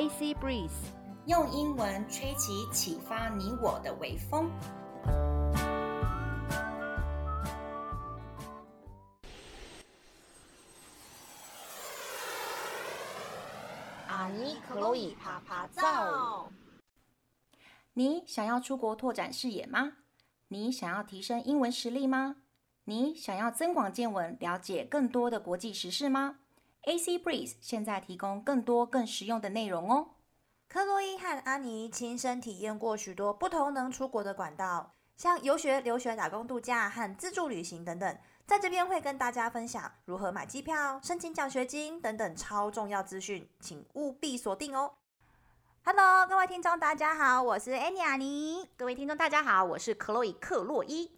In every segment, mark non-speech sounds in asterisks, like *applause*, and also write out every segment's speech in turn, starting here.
AC breeze，用英文吹起啟發你我的微風。阿尼克洛伊趴趴造，你想要出國拓展視野嗎？你想要提升英文實力嗎？你想要增廣見聞，了解更多的國際時事嗎？AC Breeze 現在提供更多更實用的內容哦。克洛伊和阿尼親身體驗過許多不同能出國的管道，像遊學、留學、打工度假和自助旅行等等，在這邊會跟大家分享如何買機票、申請獎學金等等超重要資訊，請務必鎖定哦。Hello，各位聽眾，大家好，我是 Annie 阿尼。各位聽眾，大家好，我是克洛伊。克洛伊。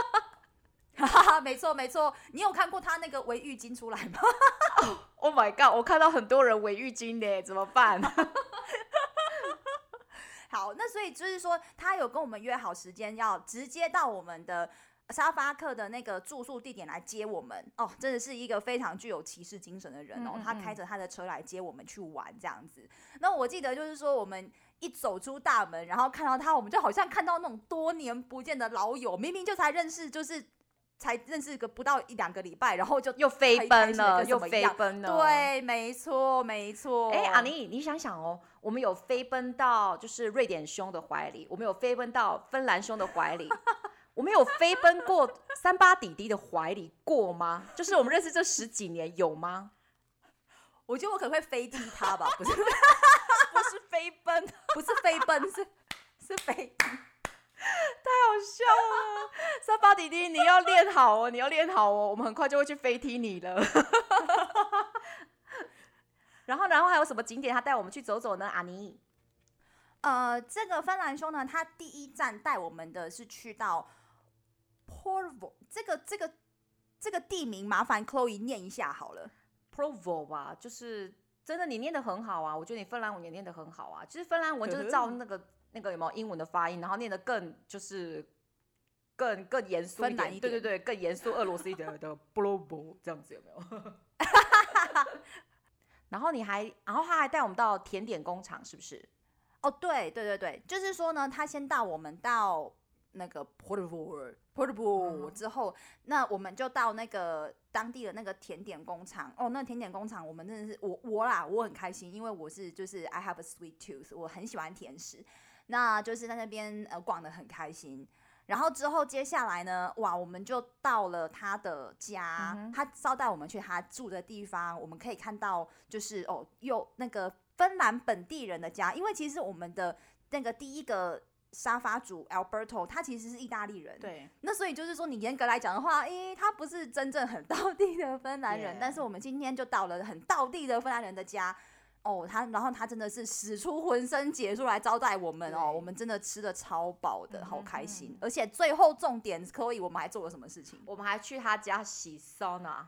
哈哈、 *laughs* 啊，沒錯沒錯，你有看過他那個圍浴巾出來嗎 *laughs* ？Oh my god，我看到很多人圍浴巾呢，怎麼辦？ *laughs* *laughs* 好，那所以就是說，他有跟我們約好時間，要直接到我們的沙發客的那個住宿地點來接我們。哦，真的是一個非常具有騎士精神的人哦，嗯、他開着他的車來接我們去玩這樣子。那我記得就是說，我們一走出大門，然後看到他，我們就好像看到那種多年不見的老友，明明就才認識，就是。才認識個不到一兩個禮拜，然後就又飛奔了，又飛奔了。對，沒錯，沒錯。哎、欸，阿尼，你想想哦，我們有飛奔到就是瑞典兄的懷裡，我們有飛奔到芬蘭兄的懷裡， *laughs* 我們有飛奔過三八弟弟的懷裡過嗎？就是我們認識這十幾年有嗎？我覺得我可能會飛踢他吧，不是， *laughs* *laughs* 不是飛奔，不是飛奔，是是飛。太好笑了，三八弟弟，你要練好哦，你要練好哦，我們很快就會去飛踢你了。 *laughs* *laughs* 然後，然後還有什麼景點他帶我們去走走呢？阿尼，呃，這個芬蘭兄呢，他第一站帶我們的是去到 Porvoo，這個這個這個地名，麻煩 Chloe 念一下好了。Porvoo 吧，啊，就是真的，你念得很好啊，我覺得你芬蘭文也念得很好啊，就是芬蘭文，就是照那個。 *laughs* 那個有沒有英文的發音？然後念得更就是更更嚴肅一點，一點對對對，更嚴肅俄羅斯一點的 b l w b o l 這樣子有沒有？ *laughs* *laughs* *laughs* 然後你還，然後他還帶我們到甜點工廠，是不是？哦、oh,，對對對對，就是說呢，他先帶我們到那個 Porvoo Porvoo、oh. 之後，那我們就到那個當地的那個甜點工廠。哦、oh,，那甜點工廠我們真的是我我啦，我很開心，因為我是就是 I have a sweet tooth，我很喜歡甜食。那就是在那邊呃逛的很開心，然後之後接下來呢，哇，我們就到了他的家，嗯、哼他招待我們去他住的地方，我們可以看到就是哦，有那個芬蘭本地人的家，因為其實我們的那個第一個沙發主 Alberto 他其實是意大利人，對，那所以就是說你嚴格來講的話，誒、欸，他不是真正很道地的芬蘭人，Yeah 但是我們今天就到了很道地的芬蘭人的家。哦，他然後他真的是使出渾身解數來招待我們對哦，我們真的吃的超飽的對好開心，嗯、而且最後重點可以，Chloe, 我們還做了什麼事情？我們還去他家洗桑拿。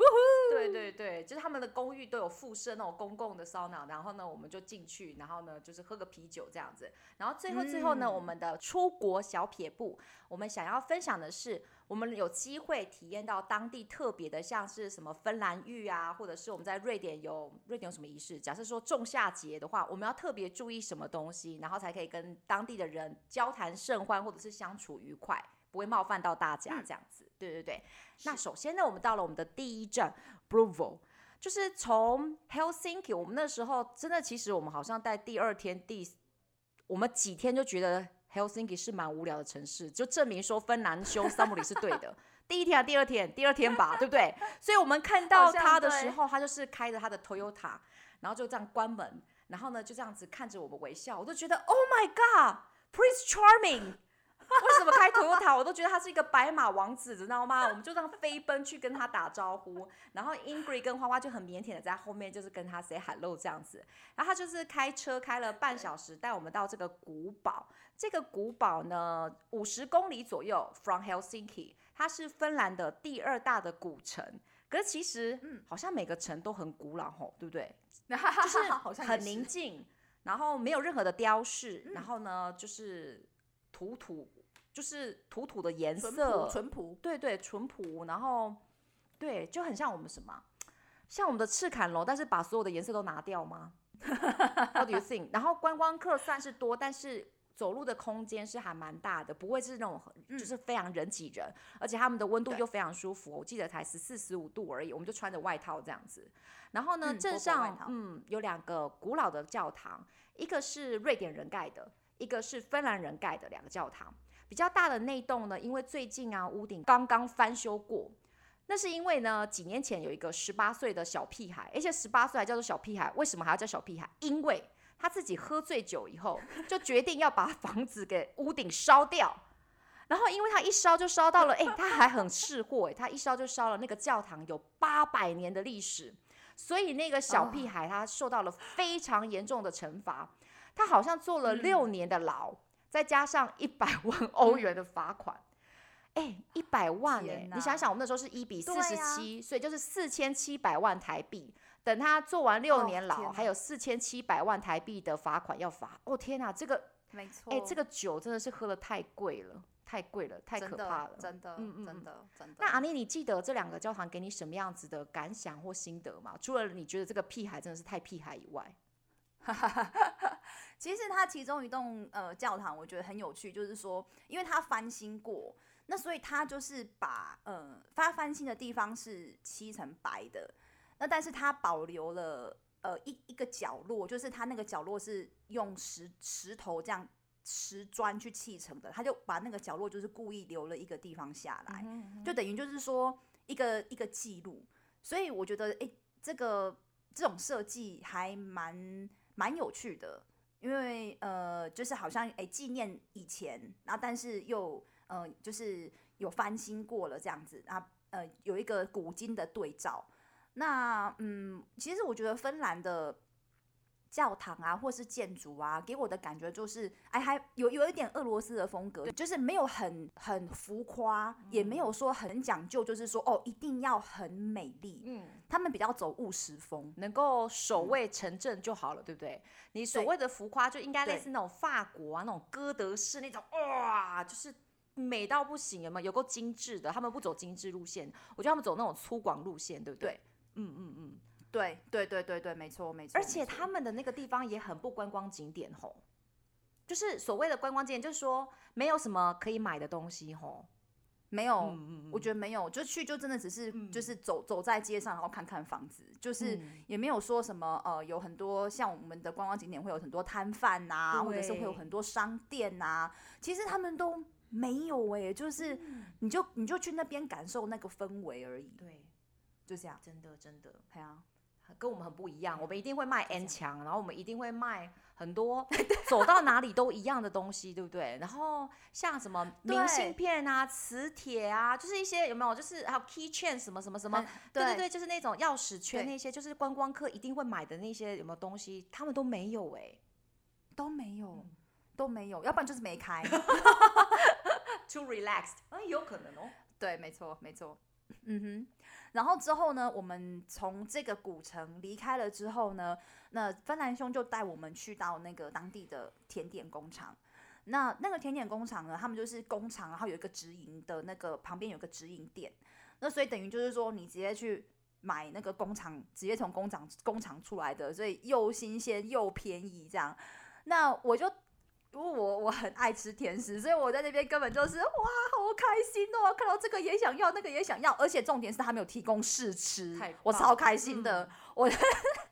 Woo 對對對，就是他們的公寓都有附設那種公共的桑拿，然後呢，我們就進去，然後呢，就是喝個啤酒這樣子。然後最後最後呢，嗯、我們的出國小撇步，我們想要分享的是，我們有機會體驗到當地特別的，像是什麼芬蘭浴啊，或者是我們在瑞典有瑞典有什麼儀式？假設說仲夏節的話，我們要特別注意什麼東西，然後才可以跟當地的人交談甚歡，或者是相處愉快。不會冒犯到大家這樣子，嗯、對對對。是那首先呢，我們到了我們的第一站 Porvoo，就是從 Helsinki，我們那時候真的，其實我們好像在第二天第，我們幾天就覺得 Helsinki 是蠻無聊的城市，就證明說芬蘭兄山姆里是對的。 *laughs* 第一天啊，第二天，第二天吧， *laughs* 對不對？所以我們看到他的時候，他就是開着他的 Toyota，然後就這樣關門，然後呢就這樣子看着我們微笑，我都覺得 Oh my God，Prince Charming。 *laughs* 為什麼開 Toyota？我都覺得他是一個白馬王子，知道嗎？我們就這樣飛奔去跟他打招呼。然後 Ingrid 跟花花就很靦腆的在後面，就是跟他 say hello 這樣子。然後他就是開車開了半小時，帶我們到這個古堡。這個古堡呢，五十公里左右 from Helsinki，它是芬蘭的第二大的古城。可是其實，好像每個城都很古老吼，對不對？ *laughs* 就是很寧靜，然後沒有任何的雕飾，然後呢，就是土土就是土土的顏色，淳樸，純樸對對，淳樸，然後，對，就很像我們什麼，像我們的赤坎樓，但是把所有的顏色都拿掉嗎 *laughs* ？What do you think？然後觀光客算是多，但是走路的空間是還蠻大的，不會是那種就是非常人擠人，嗯、而且他們的溫度又非常舒服，對我記得才十四十五度而已，我們就穿着外套這樣子。然後呢，嗯、鎮上嗯有兩個古老的教堂，一個是瑞典人蓋的，一個是芬蘭人蓋的兩個教堂。比較大的那棟呢，因為最近啊屋頂剛剛翻修過，那是因為呢幾年前有一個十八歲的小屁孩，而且十八歲還叫做小屁孩，為什麼還要叫小屁孩？因為他自己喝醉酒以後，就決定要把房子給屋頂燒掉，然後因為他一燒就燒到了，哎、欸，他還很識貨誒，他一燒就燒了那個教堂有八百年的歷史，所以那個小屁孩他受到了非常嚴重的懲罰，他好像坐了六年的牢。嗯再加上一百萬歐元的罰款，哎、嗯，一百萬哎、欸，啊、你想想，我們那時候是一比四十七，47，啊、所以就是四千七百萬台幣。等他做完六年牢，哦、還有四千七百萬台幣的罰款要罰。哦，天哪，這個沒錯，哎、欸，這個酒真的是喝得太貴了，太貴了，太可怕了，真的，嗯嗯，真的。那阿尼，你記得這兩個教堂給你什麼樣子的感想或心得嗎？除了你覺得這個屁孩真的是太屁孩以外？哈哈哈哈哈！ *laughs* 其實它其中一棟呃教堂，我覺得很有趣，就是說，因為它翻新過，那所以它就是把呃，它翻新的地方是漆成白的，那但是它保留了呃一一個角落，就是它那個角落是用石石頭這樣石磚去砌成的，它就把那個角落就是故意留了一個地方下來，嗯哼嗯哼就等於就是說一個一個記錄。所以我覺得，誒、欸，這個這種設計還蠻。蠻有趣的，因為呃，就是好像誒，紀念以前，然後但是又呃，就是有翻新過了這樣子，啊呃，有一個古今的對照。那嗯，其實我覺得芬蘭的。教堂啊，或是建築啊，給我的感覺就是，哎，還有有一點俄羅斯的風格，對就是沒有很很浮誇，嗯、也沒有說很講究，就是說哦，一定要很美麗。嗯，他們比較走務實風，能夠守衛城鎮就好了，嗯、對不對？你所謂的浮誇，就應該類似那種法國啊，那種哥德式那種，對哇，就是美到不行，有沒有夠精緻的？他們不走精緻路線，我覺得他們走那種粗獷路線，對不對？嗯嗯對嗯。嗯嗯對對對對對，沒錯沒錯，而且他們的那個地方也很不觀光景點吼，就是所謂的觀光景點，就是說沒有什麼可以買的東西吼，沒有、嗯，嗯、我覺得沒有，就去就真的只是就是走、嗯、走在街上，然後看看房子，就是也沒有說什麼、嗯、呃，有很多像我們的觀光景點會有很多攤販吶，對或者是會有很多商店吶、啊，其實他們都沒有哎、欸，就是你就你就去那邊感受那個氛圍而已，對，就這樣，真的真的，對啊跟我們很不一樣，我們一定會賣 N 牆，然後我們一定會賣很多走到哪裡都一樣的東西，對不對？然後像什麼明信片啊、磁鐵啊，就是一些有沒有？就是還有 keychain 什麼什麼什麼，嗯、對對對，就是那種鑰匙圈那些，對就是觀光客一定會買的那些有沒有東西？他們都沒有哎、欸，都沒有都沒有，要不然就是沒開。 *laughs* Too relaxed，、嗯、有可能哦。對，沒錯，沒錯。嗯哼，然後之後呢，我們從這個古城離開了之後呢，那芬蘭兄就帶我們去到那個當地的甜點工廠。那那個甜點工廠呢，他們就是工廠，然後有一個直營的那個旁邊有個直營店，那所以等於就是說你直接去買那個工廠，直接從工廠工廠出來的，所以又新鮮又便宜這樣。那我就。因為我我很愛吃甜食，所以我在那邊根本就是哇，好開心哦、喔！看到這個也想要，那個也想要，而且重點是他沒有提供試吃，我超開心的，嗯、我。 *laughs*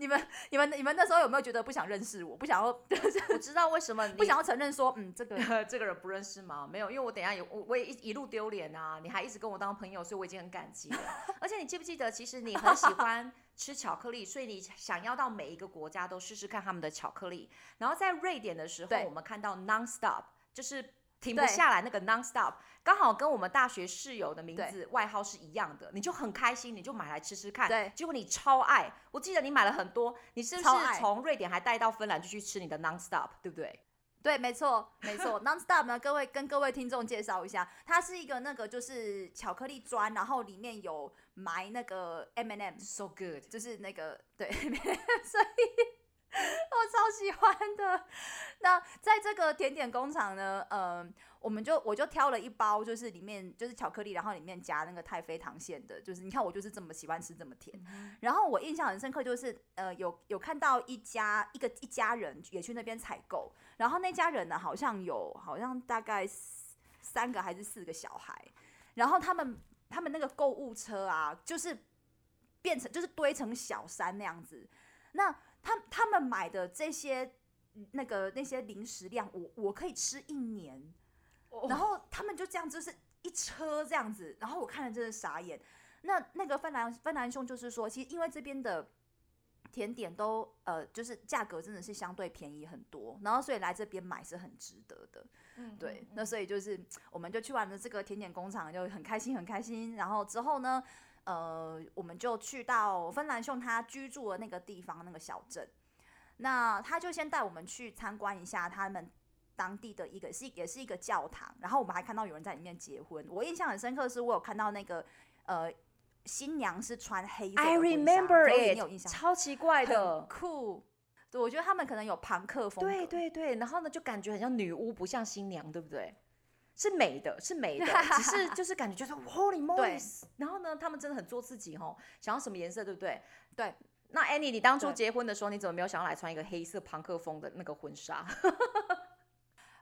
你們、你們、你們那時候有沒有覺得不想認識我，不想要？ *laughs* *laughs* 我知道為什麼你不想要承認說，嗯，這個 *laughs* 這個人不認識嗎？沒有，因為我等下有，我我也一,一路丟臉啊，你還一直跟我當朋友，所以我已經很感激了。 *laughs* 而且你記不記得，其實你很喜歡吃巧克力， *laughs* 所以你想要到每一個國家都試試看他們的巧克力。然後在瑞典的時候，對我們看到 nonstop 就是。停不下來，對那個 non stop，剛好跟我們大學室友的名字對外號是一樣的，你就很開心，你就買來吃吃看。對，結果你超愛，我記得你買了很多，你是不是從瑞典還帶到芬蘭就去吃你的 non stop，對不對？對，沒錯，沒錯 *laughs* ，non stop 呢，各位跟各位聽眾介紹一下，它是一個那個就是巧克力磚，然後裡面有埋那個 M and M，so good，就是那個對， *laughs* 所以。 *laughs* 我超喜歡的。那在這個甜點工廠呢，嗯、呃，我們就我就挑了一包，就是裡面就是巧克力，然後裡面夾那個太妃糖餡的。就是你看我就是這麼喜歡吃這麼甜。然後我印象很深刻，就是呃有有看到一家一個一家人也去那邊採購，然後那家人呢好像有好像大概三個還是四個小孩，然後他們他們那個購物車啊，就是變成就是堆成小山那樣子，那。他他們買的這些那個那些零食量，我我可以吃一年，Oh. 然後他們就這樣就是一車這樣子，然後我看了真的傻眼。那那個芬蘭芬蘭兄就是說，其實因為這邊的甜點都呃，就是價格真的是相對便宜很多，然後所以來這邊買是很值得的。Mm-hmm. 對，那所以就是我們就去完了這個甜點工廠，就很開心很開心。然後之後呢？呃，我們就去到芬蘭兄他居住的那個地方，那個小鎮，那他就先帶我們去參觀一下他們當地的一個是也是一個教堂，然後我們還看到有人在裡面結婚。我印象很深刻，是我有看到那個呃，新娘是穿黑色的衣服 I remember 所以你有印象？it, 超奇怪的，酷。對，我覺得他們可能有龐克風，對對對。然後呢，就感覺很像女巫不像新娘，對不對？是美的，是美的， *laughs* 只是就是感覺就是 holy moly 對，然後呢，他們真的很做自己哦，想要什麼顏色，對不對？對。那 Annie，你當初結婚的時候，對你怎麼沒有想要來穿一個黑色龐克風的那個婚紗？ *laughs*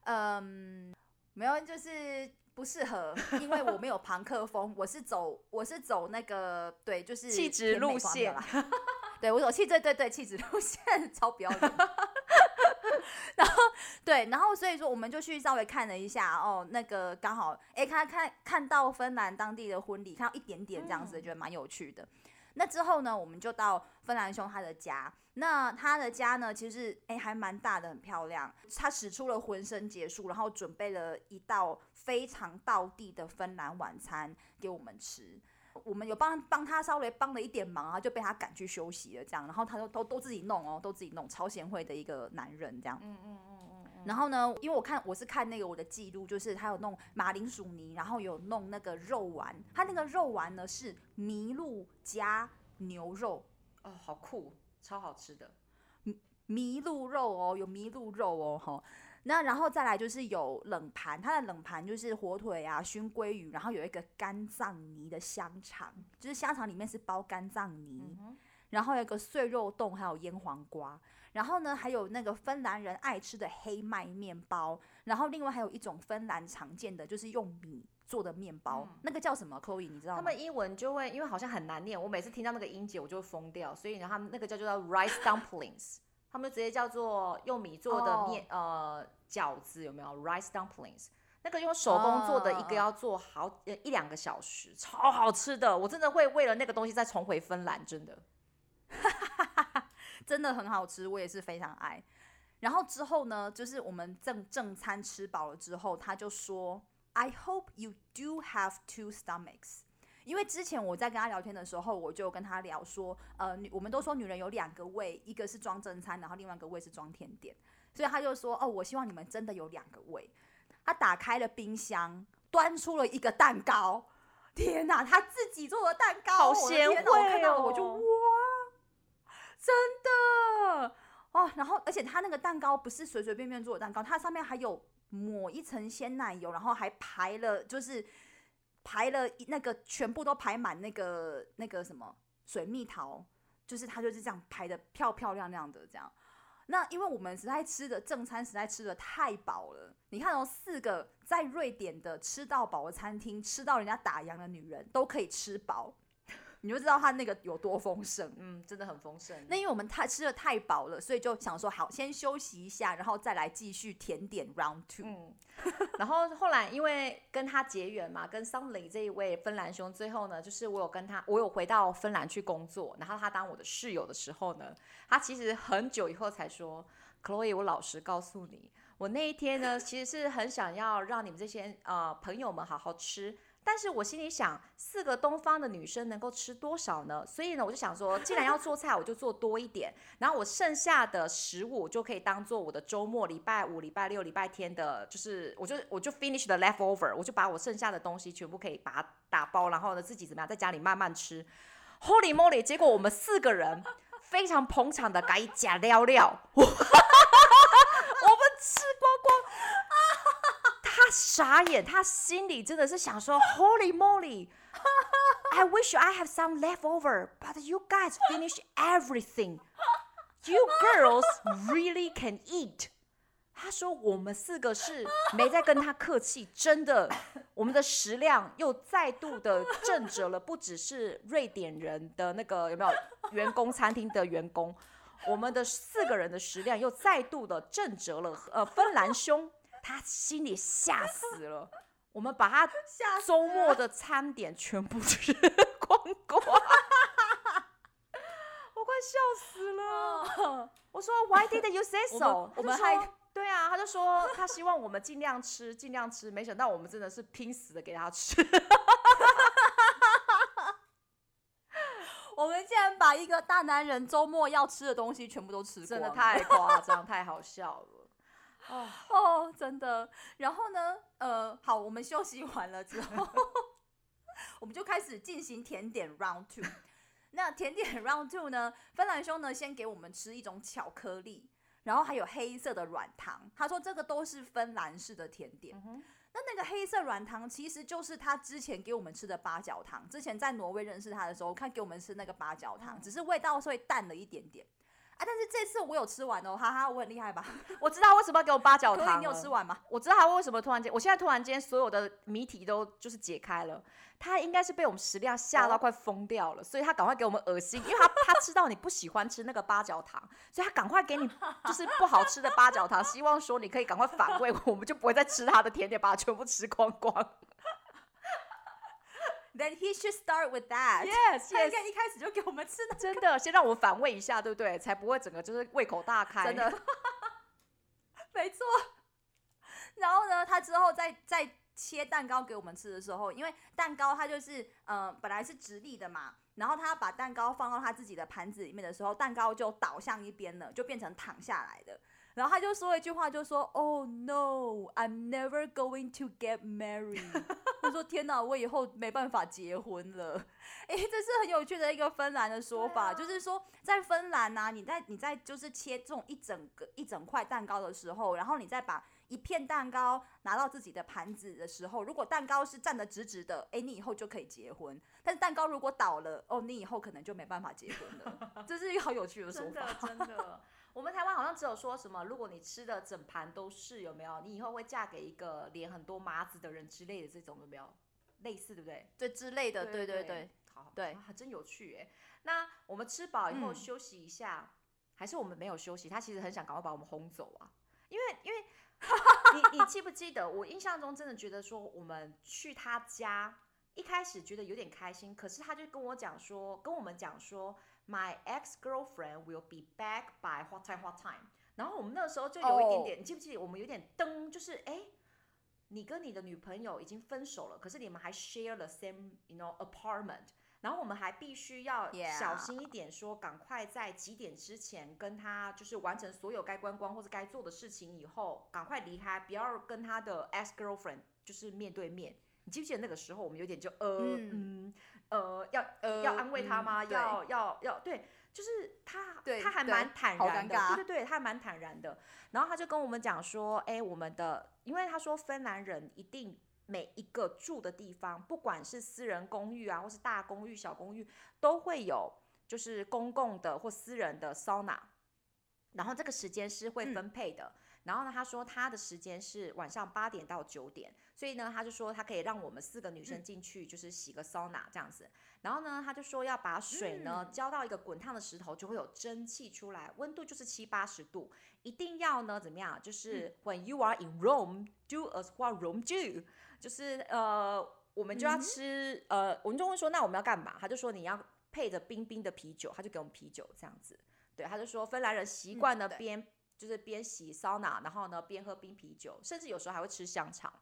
嗯，沒有，就是不適合，因為我沒有龐克風， *laughs* 我是走我是走那個，對，就是氣質路線 *laughs* 對我走氣質，對對，氣質路線超標了。 *laughs* 然後對，然後所以說我們就去稍微看了一下哦，那個剛好哎，看看看到芬蘭當地的婚禮，看到一點點這樣子，覺得蠻有趣的。那之後呢，我們就到芬蘭兄他的家。那他的家呢，其實哎還蠻大的，很漂亮。他使出了渾身解數，然後準備了一道非常道地的芬蘭晚餐給我們吃。我們有幫幫他稍微幫了一點忙啊，就被他趕去休息了這樣，然後他都都都自己弄哦，都自己弄，超賢惠的一個男人這樣。嗯嗯嗯嗯。嗯嗯嗯，然後呢，因為我看我是看那個我的記錄，就是他有弄馬鈴薯泥，然後有弄那個肉丸，他那個肉丸呢是麋鹿加牛肉哦，好酷，超好吃的，麋鹿肉哦，有麋鹿肉哦，哦。那然後再來就是有冷盤，它的冷盤就是火腿啊、燻鮭魚，然後有一個肝臟泥的香腸，就是香腸裡面是包肝臟泥，嗯、哼然後有一個碎肉凍，還有醃黃瓜，然後呢還有那個芬蘭人愛吃的黑麥麵包，然後另外還有一種芬蘭常見的就是用米做的麵包，嗯、那個叫什麼 Cody 你知道嗎？他們英文就會，因為好像很難念，我每次聽到那個音節我就瘋掉，所以他們那個叫做 rice dumplings。 *laughs* 他們直接叫做用米做的麵、Oh. 呃餃子有沒有 rice dumplings？那個用手工做的一個要做好呃、Oh. 一兩個小時，超好吃的，我真的會為了那個東西再重回芬蘭，真的， *laughs* 真的很好吃，我也是非常愛。然後之後呢，就是我們正正餐吃飽了之後，他就說：“I hope you do have two stomachs。”因為之前我在跟他聊天的時候，我就跟他聊說，呃，我們都說女人有兩個胃，一個是裝正餐，然後另外一個胃是裝甜點，所以他就說，哦，我希望你們真的有兩個胃。他打開了冰箱，端出了一個蛋糕，天哪，他自己做的蛋糕，好賢慧哦！我，我，看到了我就哇，真的哦，然後而且他那個蛋糕不是隨隨便便做的蛋糕，它上面還有抹一層鮮奶油，然後還排了就是。排了那個全部都排滿那個那個什麼水蜜桃，就是它就是這樣排得漂漂亮亮的這樣。那因為我們實在吃的正餐實在吃的太飽了，你看哦，四個在瑞典的吃到飽的餐廳吃到人家打烊的女人都可以吃飽。你就知道他那個有多豐盛，嗯，真的很豐盛。那因為我們太吃的太飽了，所以就想說好，先休息一下，然後再來繼續甜點 round two。嗯、 *laughs* 然後後來因為跟他結緣嘛，跟 Somley 這一位芬蘭兄最後呢，就是我有跟他，我有回到芬蘭去工作，然後他當我的室友的時候呢，他其實很久以後才說，Chloe，我老實告訴你，我那一天呢，其實是很想要讓你們這些呃朋友們好好吃。但是我心裡想，四個東方的女生能夠吃多少呢？所以呢，我就想說，既然要做菜，我就做多一點。然後我剩下的食物就可以當做我的週末，禮拜五、禮拜六、禮拜天的，就是我就我就 finish the leftover，我就把我剩下的東西全部可以把它打包，然後呢，自己怎麼樣在家裡慢慢吃。Holy moly！結果我們四個人非常捧場的改甲料料。眨眼，他心裡真的是想說，Holy moly，I wish I have some leftover，but you guys finish everything。You girls really can eat。他說我們四個是沒在跟他客氣，真的，我們的食量又再度的震懾了。不只是瑞典人的那個有沒有員工餐廳的員工，我們的四個人的食量又再度的震懾了。呃，芬蘭兄。他心裡嚇死了， *laughs* 我們把他周末的餐點全部吃光光，我快笑死了。 *laughs* 我說 Why did you say so？我們還對啊，他就說他希望我們盡量吃，盡量吃。沒想到我們真的是拼死的給他吃， *laughs* *laughs* *laughs* 我們竟然把一個大男人周末要吃的東西全部都吃光了，真的太誇張， *laughs* 太好笑了。哦、oh, oh, 真的。然後呢，呃，好，我們休息完了之後， *laughs* *laughs* 我們就開始進行甜點 round two。那甜點 round two 呢，芬蘭兄呢先給我們吃一種巧克力，然後還有黑色的軟糖。他說這個都是芬蘭式的甜點。Uh huh. 那那個黑色軟糖其實就是他之前給我們吃的八角糖。之前在挪威認識他的時候，他給我們吃那個八角糖，只是味道稍微淡了一點點。啊！但是這次我有吃完哦，哈哈，我很厲害吧？我知道為什麼要給我八角糖 *laughs* 你有吃完嗎？我知道他為什麼突然間，我現在突然間所有的謎題都就是解開了。他應該是被我們食量嚇到快瘋掉了，oh. 所以他趕快給我們噁心，因為他他知道你不喜歡吃那個八角糖， *laughs* 所以他趕快給你就是不好吃的八角糖，希望說你可以趕快反胃，我們就不會再吃他的甜點，把它全部吃光光。Then he should start with that. Yes, 他應該一開始就給我們吃的，那個。Yes, yes. 真的，先讓我們反胃一下，對不對？才不會整個就是胃口大開。真的， *laughs* 沒錯。然後呢，他之後再，再切蛋糕給我們吃的時候，因為蛋糕它就是嗯、呃、本來是直立的嘛，然後他把蛋糕放到他自己的盤子裡面的時候，蛋糕就倒向一邊了，就變成躺下來的。然後他就說一句話，就說 “Oh no, I'm never going to get married.” 他 *laughs* 說：“天哪，啊，我以後沒辦法結婚了。”哎，這是很有趣的一個芬蘭的說法，啊，就是說在芬蘭啊，你在你在就是切這種一整個一整塊蛋糕的時候，然後你再把一片蛋糕拿到自己的盤子的時候，如果蛋糕是站得直直的，哎，你以後就可以結婚；但是蛋糕如果倒了，哦，你以後可能就沒辦法結婚了。 *laughs* 這是一個好有趣的說法， *laughs* 真的。真的我們台灣好像只有說什麼，如果你吃的整盤都是有沒有？你以後會嫁給一個臉很多麻子的人之類的這種有沒有？類似對不對？對之類的，對對對。對對對好、好，對，還、啊、真有趣哎，那我們吃飽以後休息一下，嗯、還是我們沒有休息？他其實很想趕快把我們轟走啊，因為因為，你你記不記得？ *laughs* 我印象中真的覺得說，我們去他家一開始覺得有點開心，可是他就跟我講說，跟我們講說，My ex girlfriend will be back by what time, what time。然後我們那個時候就有一點點，oh, 你記不記得我們有點噔，就是哎，你跟你的女朋友已經分手了，可是你們還 share the same, you know, apartment。然後我們還必須要小心一點說，說 Yeah. 趕快在幾點之前跟他就是完成所有該觀光或者該做的事情以後，趕快離開，不要跟他的 ex girlfriend 就是面對面。你記不記得那個時候我們有點就呃嗯呃。Mm. 嗯呃嗯、對他嗎？要要要，對，就是他，對他還蠻坦然的，對對，對對對，他還蠻坦然的。然後他就跟我們講說，哎，我們的，因為他說芬蘭人一定每一個住的地方，不管是私人公寓啊，或是大公寓、小公寓，都會有就是公共的或私人的 sauna，然後這個時間是會分配的。嗯然後呢，他說他的時間是晚上八點到九點，所以呢，他就說他可以讓我們四個女生進去，就是洗個桑拿這樣子。然後呢，他就說要把水呢、嗯、澆到一個滾燙的石頭，就會有蒸汽出來，溫度就是七八十度，一定要呢怎麼樣？就是、嗯、When you are in Rome, do as what Rome do，就是呃，我們就要吃、嗯、呃，我們就問說那我們要幹嘛？他就說你要配着冰冰的啤酒，他就給我們啤酒這樣子。對，他就說芬蘭人習慣的邊。嗯就是邊洗桑拿，然後呢邊喝冰啤酒，甚至有時候還會吃香腸，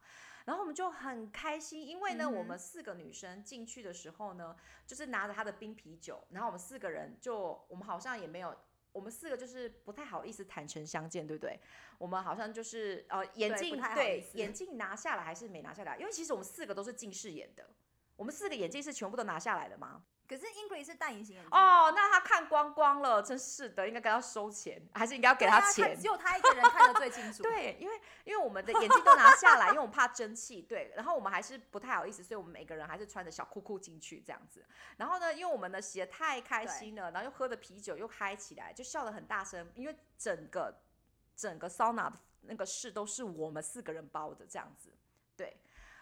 然後我們就很開心，因為呢，嗯哼，我們四個女生進去的時候呢，就是拿着她的冰啤酒，然後我們四個人就我們好像也沒有，我們四個就是不太好意思坦誠相見，對不對？我們好像就是呃眼鏡對，對，眼鏡拿下來還是沒拿下來？因為其實我們四個都是近視眼的，我們四個眼鏡是全部都拿下來的嘛。可是 English 是戴隱形眼鏡哦，那他看光光了，真是的，應該該要收錢，還是應該要給他錢他？只有他一個人看得最清楚。 *laughs* 對，因為因為我們的眼鏡都拿下來， *laughs* 因為我們怕蒸汽。對，然後我們還是不太好意思，所以我們每個人還是穿着小褲褲進去這樣子。然後呢，因為我們的洗得太開心了，對然後又喝着啤酒又嗨起來，就笑得很大聲。因為整個整個桑拿的那個事都是我們四個人包的這樣子。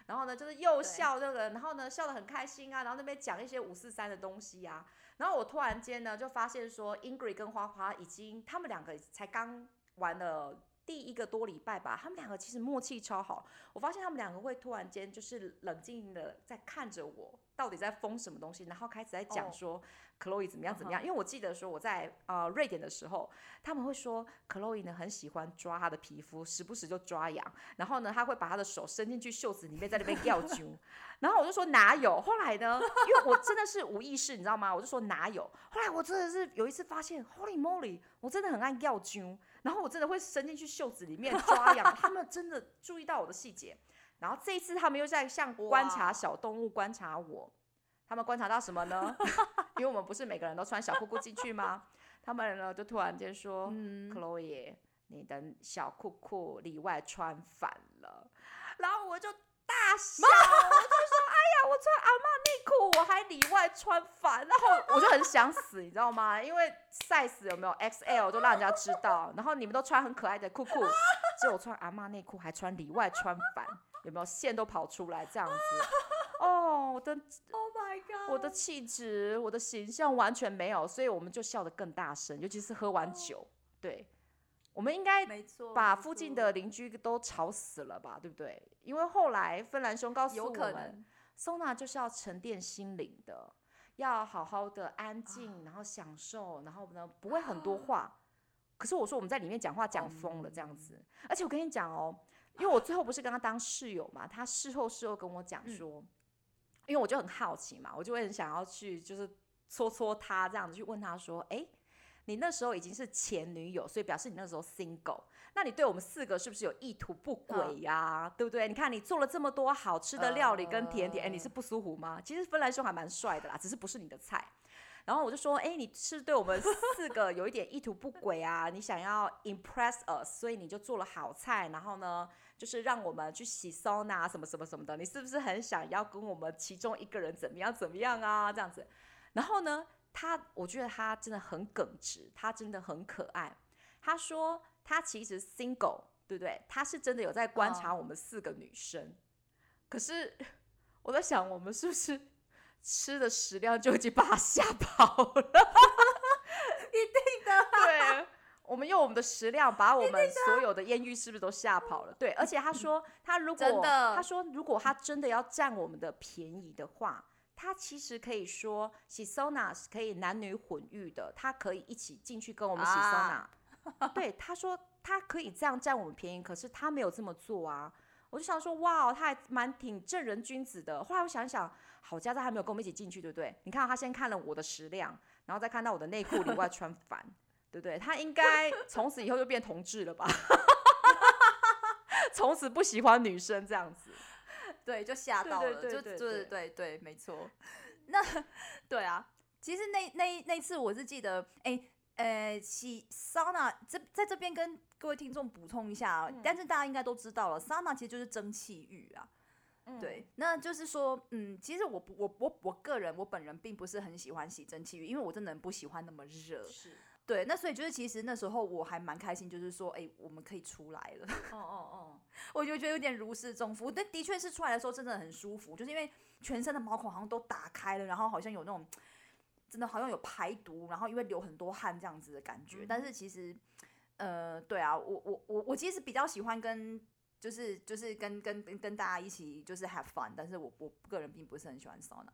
然後呢，就是又笑這個，對然後呢，笑得很開心啊。然後那邊講一些五四三的東西啊。然後我突然間呢，就發現說，Ingrid 跟花花已經，他們兩個才剛玩了。第一個多禮拜吧，他們兩個其實默契超好。我發現他們兩個會突然間就是冷靜的在看着我，到底在瘋什麼東西，然後開始在講說克洛伊怎麼樣怎麼樣。Oh. Uh huh. 因為我記得說我在呃瑞典的時候，他們會說克洛伊呢很喜歡抓她的皮膚，時不時就抓癢，然後呢他會把他的手伸進去袖子裡面在那邊揪。 *laughs* 然後我就說哪有，後來呢，因為我真的是無意識，你知道嗎？我就說哪有。後來我真的是有一次發現，Holy moly，我真的很愛揪。然後我真的會伸進去袖子裡面抓癢，他們真的注意到我的細節。然後這一次他們又在像觀察小動物，觀察我。哇他們觀察到什麼呢？ *laughs* 因為我們不是每個人都穿小褲褲進去嗎？ *laughs* 他們呢就突然間說：“嗯，Chloe，你的小褲褲裡外穿反了。”然後我就。大笑，我就說， *laughs* 哎呀，我穿阿嬤內褲，我還裡外穿反，然後我就很想死，你知道嗎？因為 size 有沒有 XL，都讓人家知道。然後你們都穿很可愛的褲褲，就我穿阿嬤內褲還穿裡外穿反，有沒有線都跑出來這樣子？哦，我的，Oh my god，我的氣質，我的形象完全沒有，所以我們就笑得更大聲，尤其是喝完酒，對。我們應該把附近的鄰居都吵死了吧，沒錯、對不對？因為後來芬蘭兄告訴我們，sauna 就是要沉澱心靈的，要好好的安靜，啊、然後享受，然後呢，不會很多話。啊、可是我說我們在裡面講話講瘋了、嗯、這樣子，而且我跟你講哦，因為我最後不是跟他當室友嘛，他事後事後跟我講說，嗯、因為我就很好奇嘛，我就會很想要去就是戳戳他這樣子去問他說，誒。你那時候已經是前女友，所以表示你那時候 single。那你對我們四個是不是有意圖不軌呀、啊？Huh. 對不對？你看你做了這麼多好吃的料理跟甜點，哎、uh, 欸，你是不舒服嗎？其實芬蘭兄還蠻帥的啦，只是不是你的菜。然後我就說，哎、欸，你是對我們四個有一點意圖不軌啊？ *laughs* 你想要 impress us，所以你就做了好菜，然後呢，就是讓我們去洗 sauna、啊、什麼什麼什麼的。你是不是很想要跟我們其中一個人怎麼樣怎麼樣啊？這樣子，然後呢？他，我覺得他真的很耿直，他真的很可愛。他說他其實 single，對不對？他是真的有在觀察我們四個女生。Oh. 可是我在想，我們是不是吃的食量就已經把他嚇跑了？一 *laughs* 定的，對。我們用我們的食量把我們所有的豔遇是不是都嚇跑了？對。而且他說，他如果 *laughs* 真的他說如果他真的要占我們的便宜的話。他其實可以說洗 sauna 是可以男女混浴的，他可以一起進去跟我們洗 sauna。對，他說他可以這樣占我們便宜，可是他沒有這麼做啊。我就想說，哇，他還蠻挺正人君子的。後來我想一想，好家在還沒有跟我們一起進去，對不對？你看他先看了我的食量，然後再看到我的內褲裡外穿反， *laughs* 對不對？他應該從此以後就變同志了吧？從 *laughs* *laughs* 此不喜歡女生這樣子。對，就嚇到了，就對對對，對，對，對，對，對沒錯。 *laughs* 那對啊，其實那那那次我是記得，哎、欸，呃、欸，洗桑拿這在這邊跟各位聽眾補充一下，嗯、但是大家應該都知道了，桑拿其實就是蒸汽浴啊。嗯、對，那就是說，嗯，其實我我我我個人我本人並不是很喜歡洗蒸汽浴，因為我真的不喜歡那麼熱。是。對，那所以就是其實那時候我還蠻開心，就是說，哎、欸，我們可以出來了。哦哦哦，我就覺得有點如釋重負。但的確是出來的時候真的很舒服，就是因為全身的毛孔好像都打開了，然後好像有那種真的好像有排毒，然後因為流很多汗這樣子的感覺。嗯、但是其實，呃，對啊，我我我我其實比較喜歡跟就是就是跟跟跟跟大家一起就是 have fun，但是我我個人並不是很喜歡 sauna。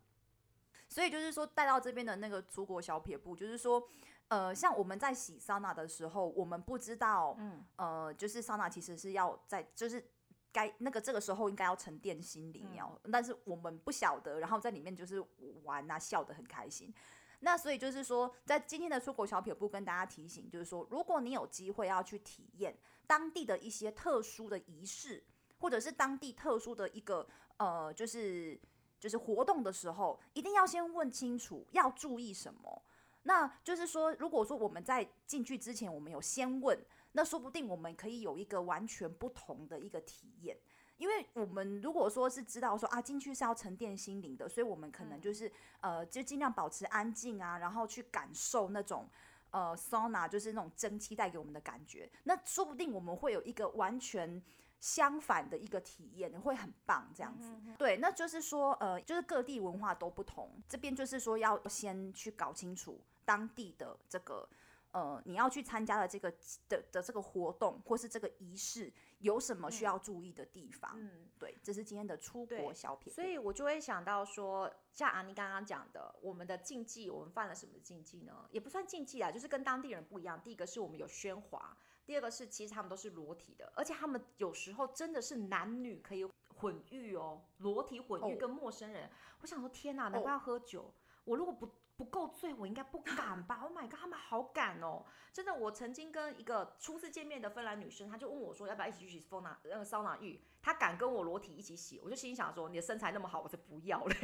所以就是說帶到這邊的那個出國小撇步，就是說。呃，像我們在洗桑拿的時候，我們不知道，嗯，呃，就是桑拿其實是要在，就是該那個這個時候應該要沉澱心靈哦，嗯、但是我們不曉得，然後在裡面就是玩啊，笑得很開心。那所以就是說，在今天的出國小撇步跟大家提醒，就是說，如果你有機會要去體驗當地的一些特殊的儀式，或者是當地特殊的一個呃，就是就是活動的時候，一定要先問清楚要注意什麼。那就是說，如果說我們在進去之前，我們有先問，那說不定我們可以有一個完全不同的一個體驗。因為我們如果說是知道說啊，進去是要沉澱心靈的，所以我們可能就是、嗯、呃，就盡量保持安靜啊，然後去感受那種呃 sauna 就是那種蒸汽帶給我們的感覺。那說不定我們會有一個完全相反的一個體驗，會很棒這樣子。對，那就是說呃，就是各地文化都不同，這邊就是說要先去搞清楚。當地的這個，呃，你要去參加的這個的的這個活動或是這個儀式有什麼需要注意的地方？嗯，嗯對，這是今天的出國小品。所以我就會想到說，像阿尼剛剛講的，我們的禁忌，我們犯了什麼禁忌呢？也不算禁忌啊，就是跟當地人不一樣。第一個是我們有喧嘩，第二個是其實他們都是裸體的，而且他們有時候真的是男女可以混浴哦，裸體混浴跟陌生人。Oh. 我想說天、啊，天哪，難怪要喝酒。Oh. 我如果不不夠醉，我應該不敢吧？Oh my god，他們好敢哦、喔！真的，我曾經跟一個初次見面的芬蘭女生，她就問我說，要不要一起去洗桑拿，那個桑拿浴？她敢跟我裸體一起洗，我就心想說，你的身材那麼好，我就不要了。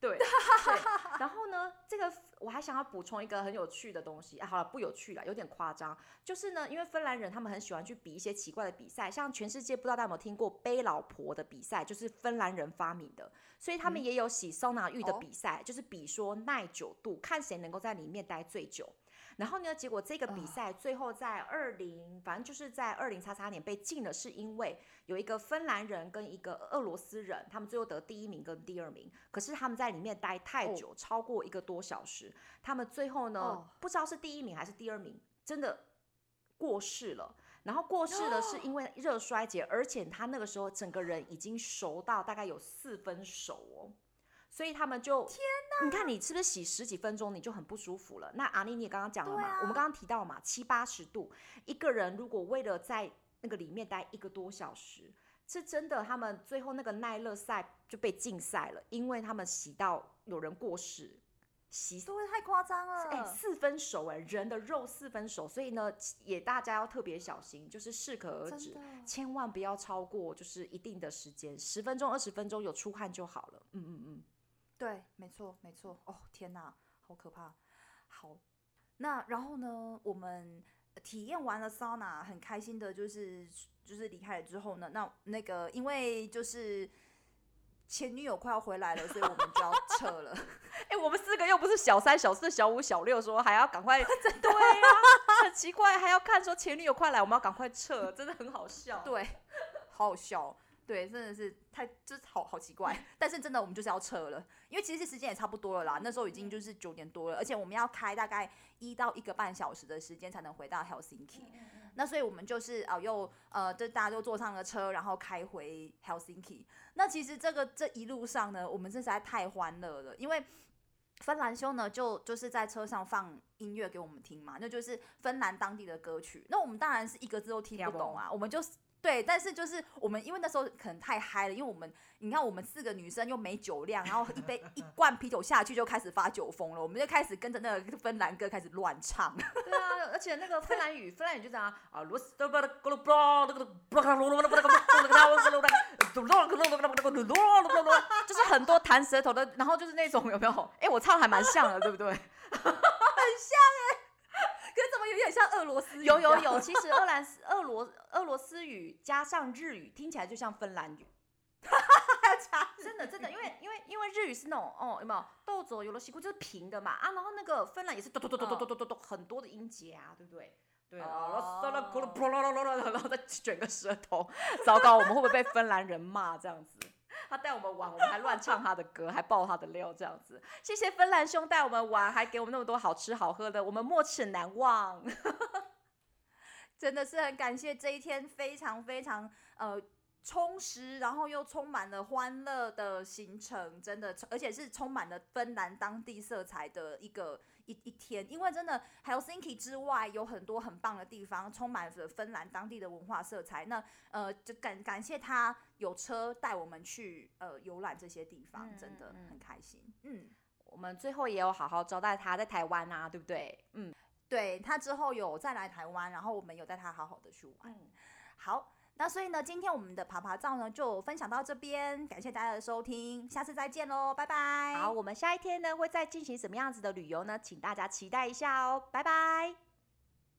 *laughs* 對，對，然後呢？這個我還想要補充一個很有趣的東西。哎，好了，不有趣了，有點誇張。就是呢，因為芬蘭人他們很喜歡去比一些奇怪的比賽，像全世界不知道大家有沒有聽過背老婆的比賽，就是芬蘭人發明的，所以他們也有洗桑拿浴的比賽，嗯、就是比說耐久度，看誰能夠在裡面待最久。然後呢？結果這個比賽最後在二零，反正就是在二零叉叉年被禁了，是因為有一個芬蘭人跟一個俄羅斯人，他們最後得第一名跟第二名。可是他們在裡面待太久，oh. 超過一個多小時，他們最後呢，oh. 不知道是第一名還是第二名，真的過世了。然後過世了是因為熱衰竭，oh. 而且他那個時候整個人已經熟到大概有四分熟哦，所以他們就天。你看你是不是洗十幾分鐘你就很不舒服了？那阿妮你剛剛講了嘛，啊、我們剛剛提到嘛，七八十度，一個人如果為了在那個裡面待一個多小時，是真的，他們最後那個耐熱賽就被禁賽了，因為他們洗到有人過世，洗會不會太誇張了？哎、欸，四分熟哎、欸，人的肉四分熟，所以呢，也大家要特別小心，就是適可而止，的千萬不要超過就是一定的時間，十分鐘、二十分鐘有出汗就好了，嗯嗯嗯。對，沒錯，沒錯。哦，天哪，好可怕，好。那然後呢？我們體驗完了桑拿，很開心的，就是就是離開了之後呢，那那個因為就是前女友快要回來了，所以我們就要撤了。哎、 *laughs* 欸，我們四個又不是小三、小四、小五、小六，說還要趕快， *laughs* 對、啊、 *laughs* 很奇怪，還要看說前女友快來，我們要趕快撤，真的很好笑， *laughs* 對，好好笑。對，真的是太就是好好奇怪，但是真的我們就是要車了，因為其實時間也差不多了啦，那時候已經就是九點多了，而且我們要開大概一到一個半小時的時間才能回到 Helsinki，、嗯嗯、那所以我們就是啊又呃，呃就大家都坐上了車，然後開回 Helsinki，那其實這個這一路上呢，我們實在太歡樂了，因為芬蘭兄呢就就是在車上放音樂給我們聽嘛，那就是芬蘭當地的歌曲，那我們當然是一個字都聽不懂啊，懂，我們就。對，但是就是我們，因為那時候可能太嗨了，因為我們，你看我們四個女生又沒酒量，然後一杯一罐啤酒下去就開始發酒瘋了，我們就開始跟着那個芬蘭歌開始亂唱。對啊，而且那個芬蘭語，芬蘭語就這樣啊， *laughs* 就是很多彈舌頭的，然後就是那種有沒有？哎，我唱還蠻像的，對不對？ *laughs* 很像哎、欸。可是怎麼有點像俄羅斯語？有有有，其實芬蘭斯、俄羅、俄羅斯語加上日語，聽起來就像芬蘭語。哈哈哈，真的真的，因為因為因為日語是那種哦，有沒有？豆子有了西褲就是平的嘛啊，然後那個芬蘭也是嘟嘟嘟嘟嘟嘟嘟嘟很多的音節啊，對不對？對。然後然後再捲個舌頭。糟糕，我們會不會被芬蘭人罵這樣子？他帶我們玩，我們還亂唱他的歌，還爆他的料，這樣子。謝謝芬蘭兄帶我們玩，還給我們那麼多好吃好喝的，我們沒齒難忘。 *laughs* 真的是很感謝這一天非常非常呃充實，然後又充滿了歡樂的行程，真的，而且是充滿了芬蘭當地色彩的一個。一一天，因為真的還有 Helsinki 之外，有很多很棒的地方，充滿着芬蘭當地的文化色彩。那呃，就感感謝他有車帶我們去呃遊覽這些地方，真的很開心。嗯，嗯，我們最後也有好好招待他，在台灣啊，對不對？嗯，對他之後有再來台灣，然後我們有帶他好好的去玩。嗯、好。那所以呢，今天我們的趴趴造呢就分享到這邊，感謝大家的收聽，下次再見嘍，拜拜。好，我們下一天呢會再進行什麼樣子的旅遊呢？請大家期待一下哦，拜拜。